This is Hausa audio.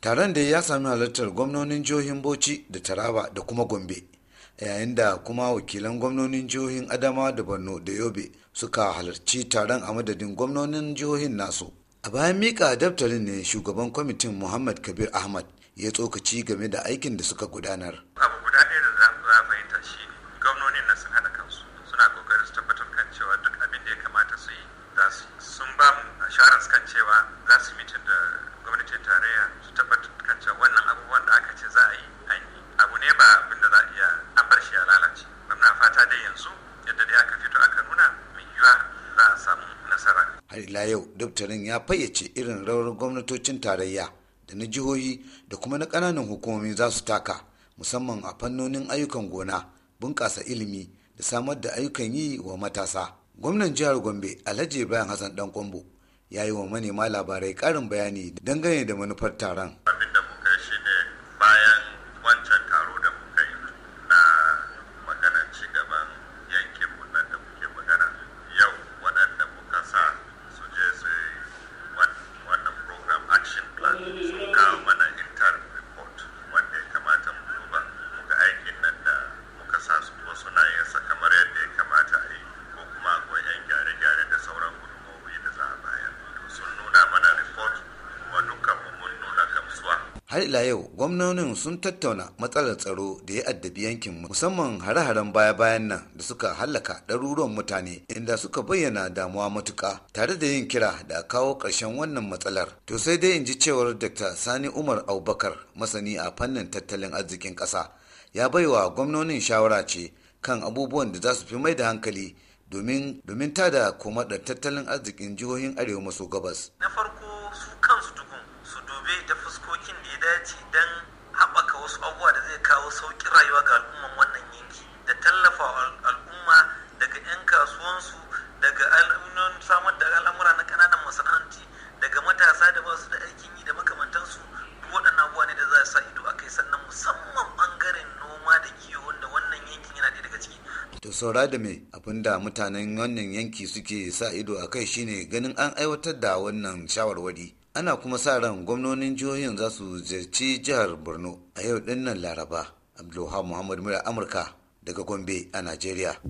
taron da ya sami halartar gwamnonin jihohin bauchi da taraba da kuma gombe yayin da kuma wakilan gwamnonin jihohin adama da borno da yobe suka halarci taron a madadin gwamnonin jihohin nasu a bayan mika daftarin ne shugaban kwamitin muhammad kabir ahmad ya tsokaci game da aikin da suka gudanar fata dai yanzu yadda dai aka fito aka nuna mai yiwuwa za a samu nasara har ila yau daftarin ya fayyace irin rawar gwamnatocin tarayya da na jihohi da kuma na ƙananan hukumomi za su taka musamman a fannonin ayyukan gona bunƙasa ilimi da samar da ayyukan yi wa matasa gwamnan jihar gombe alhaji bayan hassan dan kwambo ya yi wa manema labarai ƙarin bayani dangane da manufar taron har ila yau gwamnonin sun tattauna matsalar tsaro da ya addabi yankin musamman hare-haren baya-bayan nan da suka hallaka ɗaruruwan mutane inda suka bayyana damuwa matuka tare da yin kira da kawo ƙarshen wannan matsalar to sai dai in ji cewar dr sani umar abubakar masani a fannin tattalin arzikin ƙasa ya baiwa gwamnonin shawara ce kan abubuwan da za su fi mai da hankali domin domin tada da tattalin arzikin jihohin arewa maso gabas na farko aikin da ya dace don haɓaka wasu abubuwa da zai kawo sauƙin rayuwa ga al'umman wannan yanki da tallafa al'umma daga 'yan kasuwansu daga al'amuran samar da al'amura na ƙananan masana'anti daga matasa da ba su da aikin yi da makamantansu duk waɗannan abubuwa ne da za sa ido a kai sannan musamman ɓangaren noma da kiwo wanda wannan yankin yana ɗaya daga ciki. to saura da me abinda mutanen wannan yanki suke sa ido a kai shine ganin an aiwatar da wannan shawarwari ana kuma sa ran gwamnonin jihohin za su ziyarci jihar borno a yau dinnan laraba abdulhamu muhammadu mura amurka daga gombe a najeriya